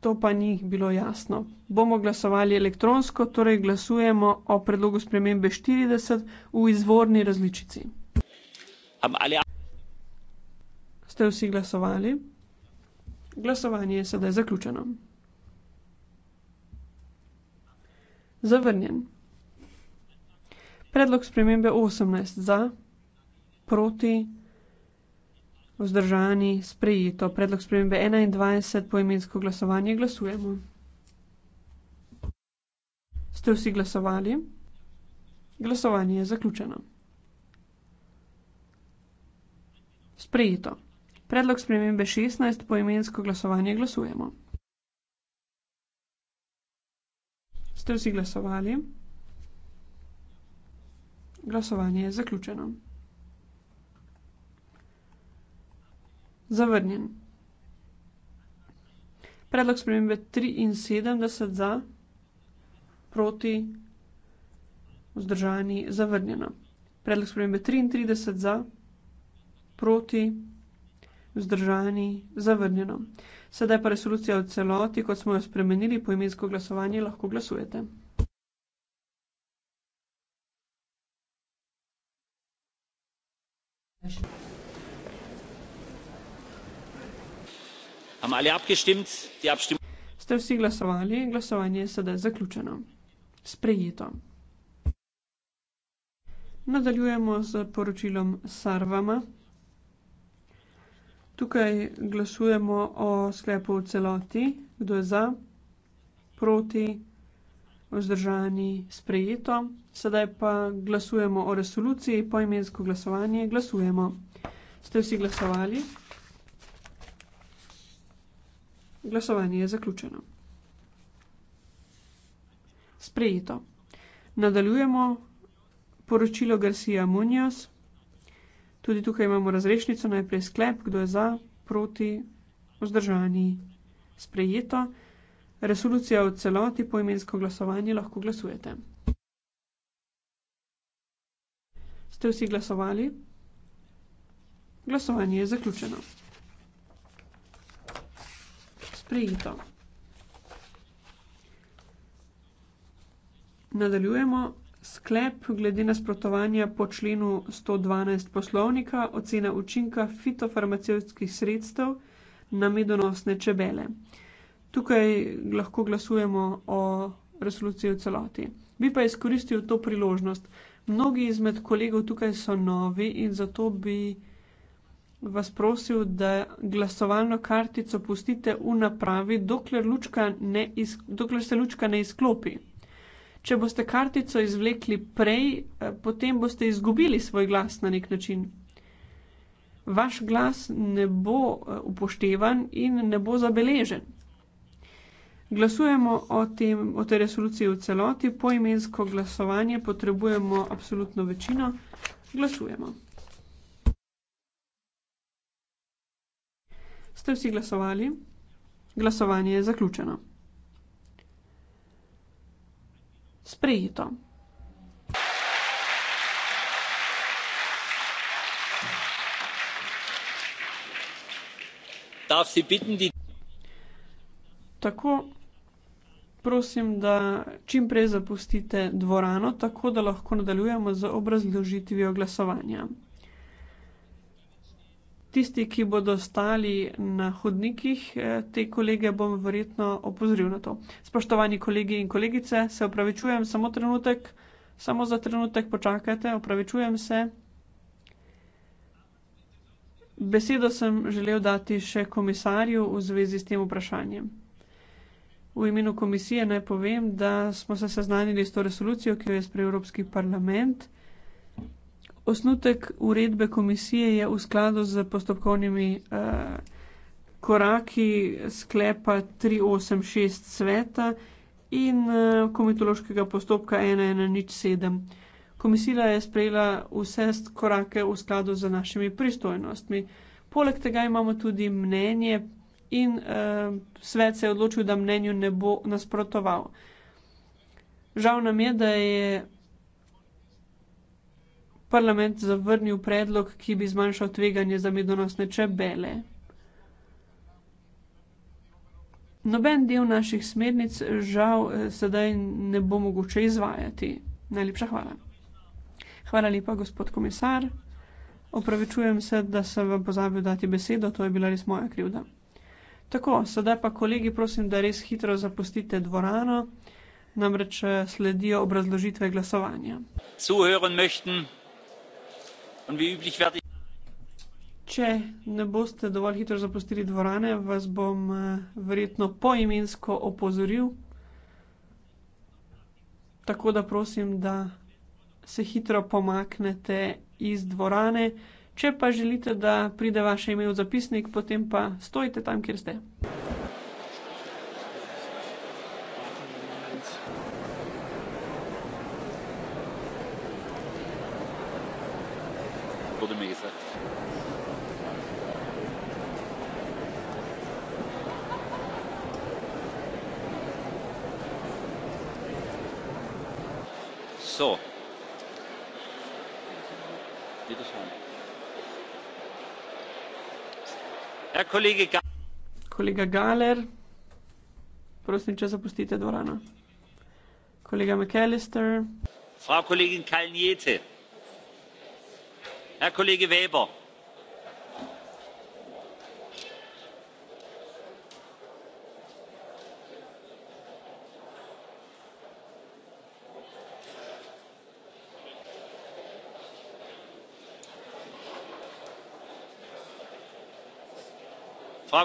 To pa ni bilo jasno. Bomo glasovali elektronsko, torej glasujemo o predlogu spremembe 40 v izvorni različici. Ste vsi glasovali? Glasovanje je sedaj zaključeno. Zavrnjen. Predlog spremembe 18 za, proti Vzdržani, sprejeto. Predlog spremembe 21, poimensko glasovanje, glasujemo. Ste vsi glasovali? Glasovanje je zaključeno. Sprejeto. Predlog spremembe 16, poimensko glasovanje, glasujemo. Ste vsi glasovali? Glasovanje je zaključeno. Zavrnjen. Predlog spremembe 73 za, proti, vzdržani, zavrnjeno. Predlog spremembe 33 za, proti, vzdržani, zavrnjeno. Sedaj pa resolucija v celoti, kot smo jo spremenili, po imensko glasovanje lahko glasujete. Thank you. Ste vsi glasovali? Glasovanje je sedaj zaključeno. Sprejeto. Nadaljujemo z poročilom Sarvama. Tukaj glasujemo o sklepu v celoti, kdo je za, proti, vzdržani, sprejeto. Sedaj pa glasujemo o resoluciji, poimensko glasovanje. Glasujemo. Ste vsi glasovali? Glasovanje je zaključeno. Sprejeto. Nadaljujemo poročilo Garcia Munoz. Tudi tukaj imamo razrešnico, najprej sklep, kdo je za, proti, vzdržani. Sprejeto. Resolucija v celoti po imensko glasovanje lahko glasujete. Ste vsi glasovali? Glasovanje je zaključeno sprejeto. Nadaljujemo. Sklep glede nasprotovanja po členu 112 poslovnika ocena učinka fitofarmacevskih sredstev na medonosne čebele. Tukaj lahko glasujemo o resoluciji v celoti. Bi pa izkoristil to priložnost. Mnogi izmed kolegov tukaj so novi in zato bi vas prosil, da glasovalno kartico pustite v napravi, dokler, lučka ne iz, dokler se lučka ne izklopi. Če boste kartico izvlekli prej, eh, potem boste izgubili svoj glas na nek način. Vaš glas ne bo eh, upoštevan in ne bo zabeležen. Glasujemo o, tem, o tej resoluciji v celoti, poimensko glasovanje potrebujemo absolutno večino. Glasujemo. Ste vsi glasovali? Glasovanje je zaključeno. Sprejeto. Tako, prosim, da čim prej zapustite dvorano, tako da lahko nadaljujemo z obrazložitvijo glasovanja tisti, ki bodo stali na hodnikih, eh, te kolege bom verjetno opozoril na to. Spoštovani kolegi in kolegice, se opravičujem, samo trenutek, samo za trenutek počakajte, opravičujem se. Besedo sem želel dati še komisarju v zvezi s tem vprašanjem. V imenu komisije naj povem, da smo se seznanili s to resolucijo, ki jo je sprejel Evropski parlament. Osnutek uredbe komisije je v skladu z postopkovnimi uh, koraki sklepa 386 sveta in uh, komitološkega postopka 1107. Komisija je sprejela vse korake v skladu z našimi pristojnostmi. Poleg tega imamo tudi mnenje in uh, svet se je odločil, da mnenju ne bo nasprotoval. Žal nam je, da je parlament zavrnil predlog, ki bi zmanjšal tveganje za medonosne čebele. Noben del naših smernic žal eh, sedaj ne bo mogoče izvajati. Najlepša hvala. Hvala lepa, gospod komisar. Opravičujem se, da sem vam pozabil dati besedo, to je bila res moja krivda. Tako, sedaj pa kolegi prosim, da res hitro zapustite dvorano, namreč eh, sledijo obrazložitve glasovanja. Zuhören möchten. Če ne boste dovolj hitro zapustili dvorane, vas bom, eh, verjetno poimensko opozoril. Tako da prosim, da se hitro pomaknete iz dvorane. Če pa želite, da pride vaše ime v zapisnik, potem pa stojite tam, kjer ste. kolegi Ga kolega Galer, prosim, če zapustite dvorano. Kolega McAllister. Frau Kollegin Kalniete. Herr Kollege Weber.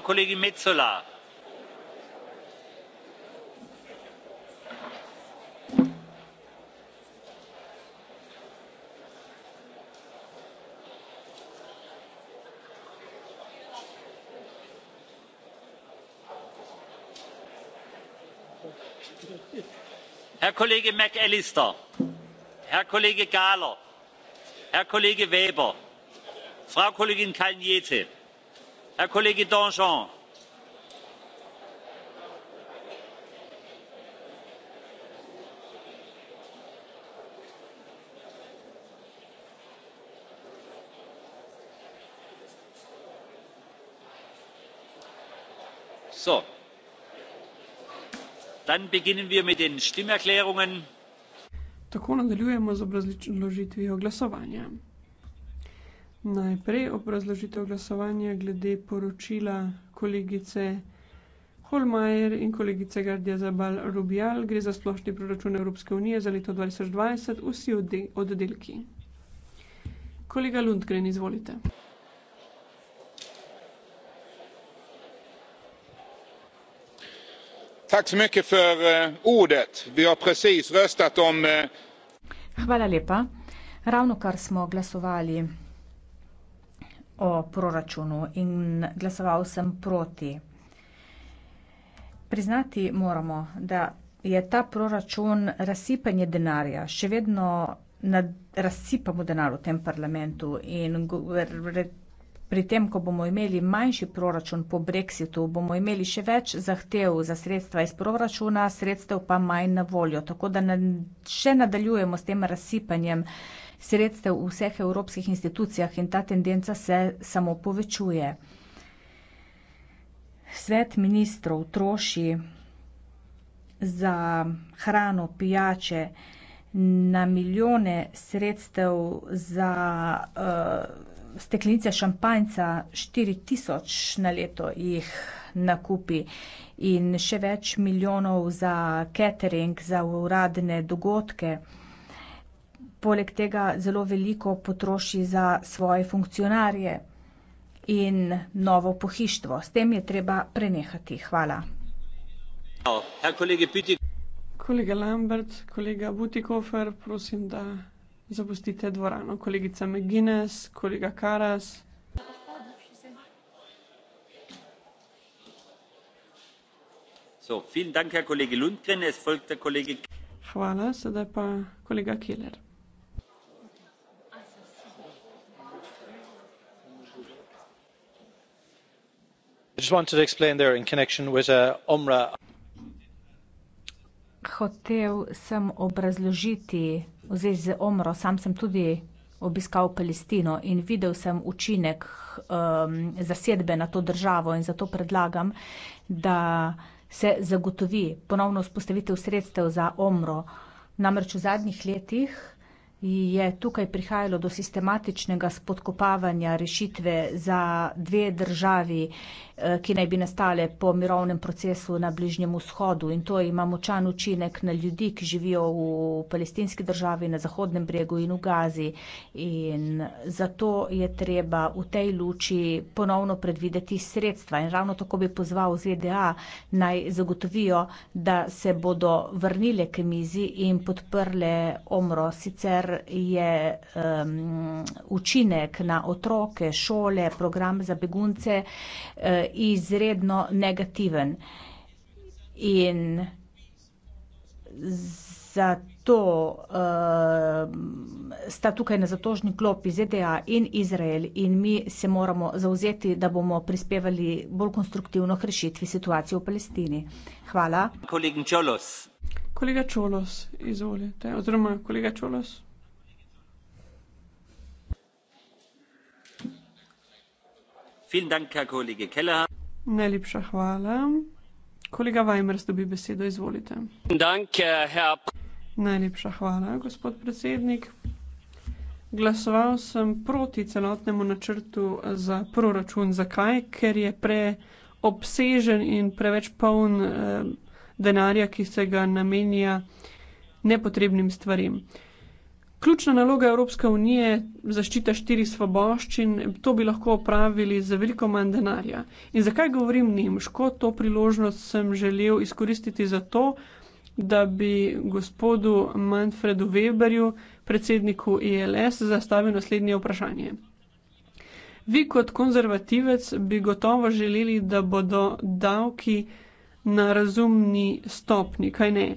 kolegi metsola. herr kollege mcallister herr kollege gahler herr kollege weber frau kollegin kalniete herr kollege danjean dann beginnen wir mit den stimmerklärungen. tako nadaljujemo z obrazložitvijo glasovanja. Najprej obrazložitev glasovanja glede poročila kolegice Holmajer in kolegice Gardija Zabal Rubijal. Gre za splošni proračun Evropske unije za leto 2020, vsi oddelki. Kolega Lundgren, izvolite. Eh, eh, Hvala lepa. Ravno kar smo glasovali o proračunu in glasoval sem proti. Priznati moramo, da je ta proračun razsipanje denarja. Še vedno nad, razsipamo denar v tem parlamentu in pri tem, ko bomo imeli manjši proračun po brexitu, bomo imeli še več zahtev za sredstva iz proračuna, sredstev pa manj na voljo. Tako da na, še nadaljujemo s tem razsipanjem sredstev v vseh evropskih institucijah in ta tendenca se samo povečuje. Svet ministrov troši za hrano, pijače, na milijone sredstev za uh, steklenice šampanjca, 4000 na leto jih nakupi in še več milijonov za catering, za uradne dogodke poleg tega zelo veliko potroši za svoje funkcionarje in novo pohištvo. S tem je treba prenehati. Hvala. Kolega Lambert, kolega Butikofer, prosim, da zapustite dvorano. Kolegica McGuinness, kolega Karas. Hvala, sedaj pa kolega Keller. Uh, Hotel sem obrazložiti v zvezi z Omro, sam sem tudi obiskal Palestino in videl sem učinek um, zasedbe na to državo in zato predlagam, da se zagotovi ponovno vzpostavitev sredstev za Omro. Namreč v zadnjih letih je tukaj prihajalo do sistematičnega spodkopavanja rešitve za dve državi, eh, ki naj bi nastale po mirovnem procesu na Bližnjem vzhodu. In to ima močan učinek na ljudi, ki živijo v palestinski državi, na Zahodnem bregu in v Gazi. In zato je treba v tej luči ponovno predvideti sredstva. In ravno tako bi pozval ZDA naj zagotovijo, da se bodo vrnile k mizi in podprle omro. Sicer je um, učinek na otroke, šole, program za begunce uh, izredno negativen. In zato uh, sta tukaj na zatožni klopi ZDA in Izrael in mi se moramo zauzeti, da bomo prispevali bolj konstruktivno k rešitvi situacije v Palestini. Hvala. Kolega Čolos, izvolite. Oziroma, kolega Čolos. Najlepša hvala. Kolega Weimers dobi besedo, izvolite. Eh, Najlepša hvala, gospod predsednik. Glasoval sem proti celotnemu načrtu za proračun. Zakaj? Ker je preobsežen in preveč poln eh, denarja, ki se ga namenja nepotrebnim stvarim. Eh, Ključna naloga Evropske unije je zaščita štirih svoboščin, to bi lahko opravili za veliko manj denarja. In zakaj govorim nemško, to priložnost sem želel izkoristiti za to, da bi gospodu Manfredu Weberju, predsedniku ILS, e zastavil naslednje vprašanje. Vi kot konzervativec bi gotovo želeli, da bodo davki na razumni stopni, kaj ne?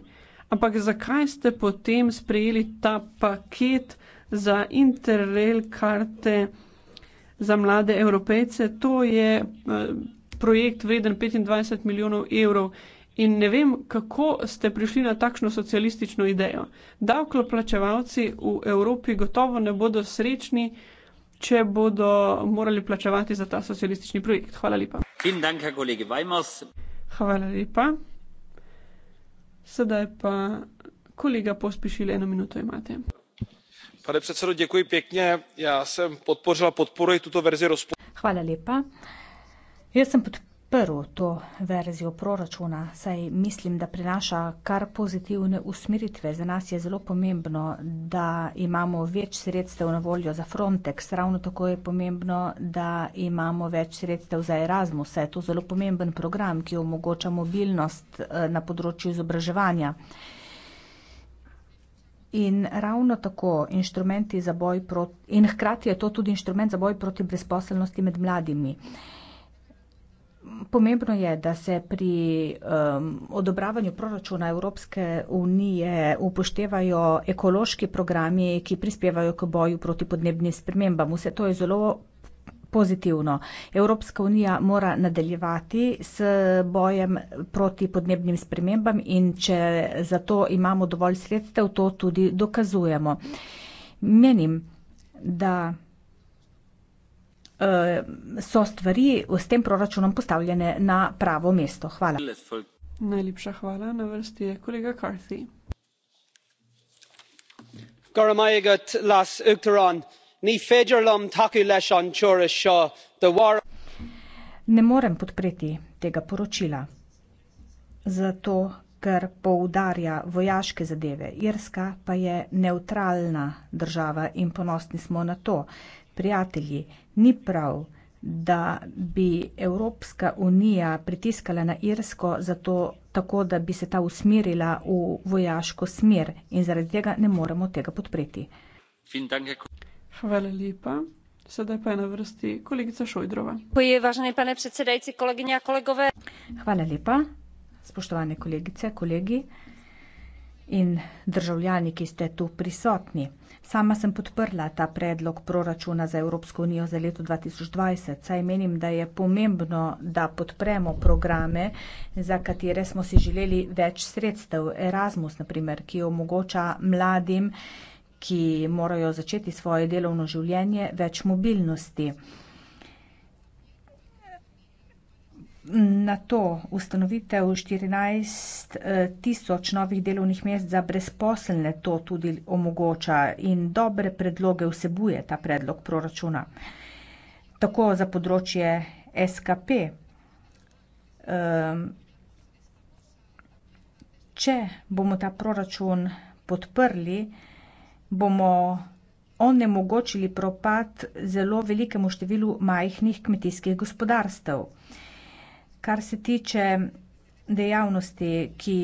Ampak zakaj ste potem sprejeli ta paket za interrail karte za mlade evropejce? To je eh, projekt vreden 25 milijonov evrov in ne vem, kako ste prišli na takšno socialistično idejo. Davkloplačevalci v Evropi gotovo ne bodo srečni, če bodo morali plačevati za ta socialistični projekt. Hvala lepa. Hvala lepa. Sedaj pa kolega pospišil, eno minuto imate. Pane predsedo, děkuji pěkně. Já jsem podpořil a podporuji tuto verzi rozpočtu. Hvala lepa. Jaz sem podprl to verzijo proračuna, saj mislim, da prinaša kar pozitivne usmeritve. Za nas je zelo pomembno, da imamo več sredstev na voljo za Frontex, ravno tako je pomembno, da imamo več sredstev za Erasmus. Je to zelo pomemben program, ki omogoča mobilnost eh, na področju izobraževanja. In ravno tako inštrumenti za boj proti, in hkrati je to tudi inštrument za boj proti brezposelnosti med mladimi. Uh, Pomembno je, da se pri um, odobravanju proračuna Evropske unije upoštevajo ekološki programi, ki prispevajo k boju proti podnebnim spremembam. Vse to je zelo pozitivno. Evropska unija mora nadaljevati s bojem proti podnebnim spremembam in če za to imamo dovolj sredstev, to tudi dokazujemo. Menim, da. Eh, so stvari s tem proračunom postavljene na pravo mesto. Hvala. Najlepša hvala. Na vrsti je kolega Carthy. Garamajegat las ukteran, ni fedjerlom taku lešan čurešo, the war... Ne morem podpreti tega poročila, zato ker poudarja vojaške zadeve. Irska pa je neutralna država in ponosni smo na to. Prijatelji, ni prav, da bi Evropska unija pritiskala na Irsko zato, tako, da bi se ta usmerila v vojaško smer in zaradi tega ne moremo tega podpreti. Hvala lepa. Sedaj pa je na vrsti kolegica Šojdrova. Hvala lepa, spoštovane kolegice, kolegi in državljani, ki ste tu prisotni. Sama sem podprla ta predlog proračuna za Evropsko unijo za leto 2020, saj menim, da je pomembno, da podpremo programe, za katere smo si želeli več sredstev. Erasmus, naprimer, ki omogoča mladim, ki morajo začeti svoje delovno življenje, več mobilnosti. Na to ustanovitev 14 eh, tisoč novih delovnih mest za brezposelne to tudi omogoča in dobre predloge vsebuje ta predlog proračuna. Tako za področje SKP. Ehm, če bomo ta proračun podprli, bomo onemogočili propad zelo velikemu številu majhnih kmetijskih gospodarstev. Kar se tiče dejavnosti, ki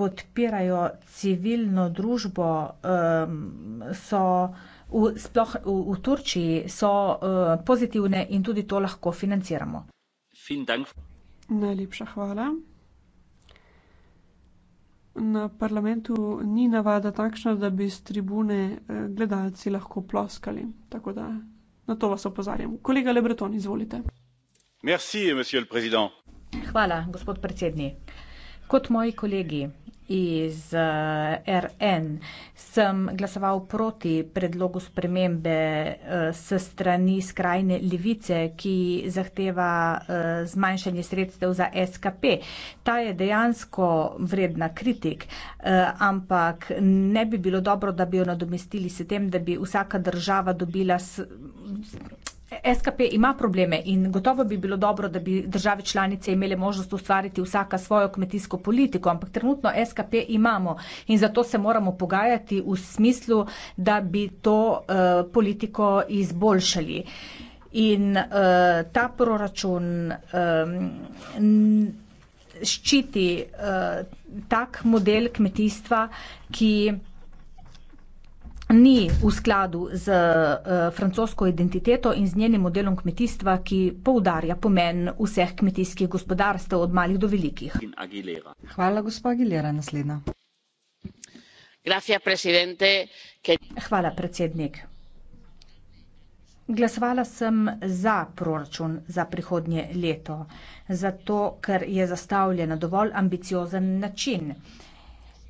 podpirajo civilno družbo, so v, sploh v, v Turčiji so eh, pozitivne in tudi to lahko financiramo. Najlepša hvala. Na parlamentu ni navada takšna, da bi z tribune eh, gledalci lahko ploskali. Tako da na to vas opozarjam. Kolega Lebreton, izvolite. Hvala, gospod predsednik. Kot moji kolegi iz, eh, RN sem glasoval proti predlogu spremembe, eh, s strani skrajne levice, ki zahteva, eh, zmanjšanje sredstev za SKP. Ta je dejansko vredna kritik, ampak ne bi bilo dobro, da bi jo nadomestili s tem, da bi vsaka država dobila SKP ima probleme in gotovo bi bilo dobro, da bi države članice imele možnost ustvariti vsaka svojo kmetijsko politiko, ampak trenutno SKP imamo in zato se moramo pogajati v smislu, da bi to uh, politiko izboljšali. In uh, ta proračun uh, ščiti uh, tak model kmetijstva, ki ni v skladu z uh, francosko identiteto in z njenim modelom kmetijstva, ki poudarja pomen vseh kmetijskih gospodarstev od malih do velikih. Hvala, gospa Aguilera. Naslednja. Hvala, predsednik. Glasovala sem za proračun za prihodnje leto, zato ker je zastavljen na dovolj ambiciozen način.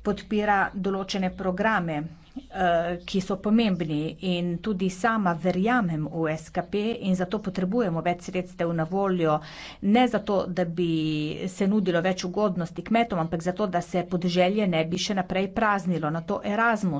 Podpira določene programe, Eh, ki so pomembni in tudi sama verjamem v SKP in zato potrebujemo več sredstev na voljo, ne zato, da bi se nudilo več ugodnosti kmetom, ampak zato, da se podeželje ne bi še naprej praznilo. Na to Erasmus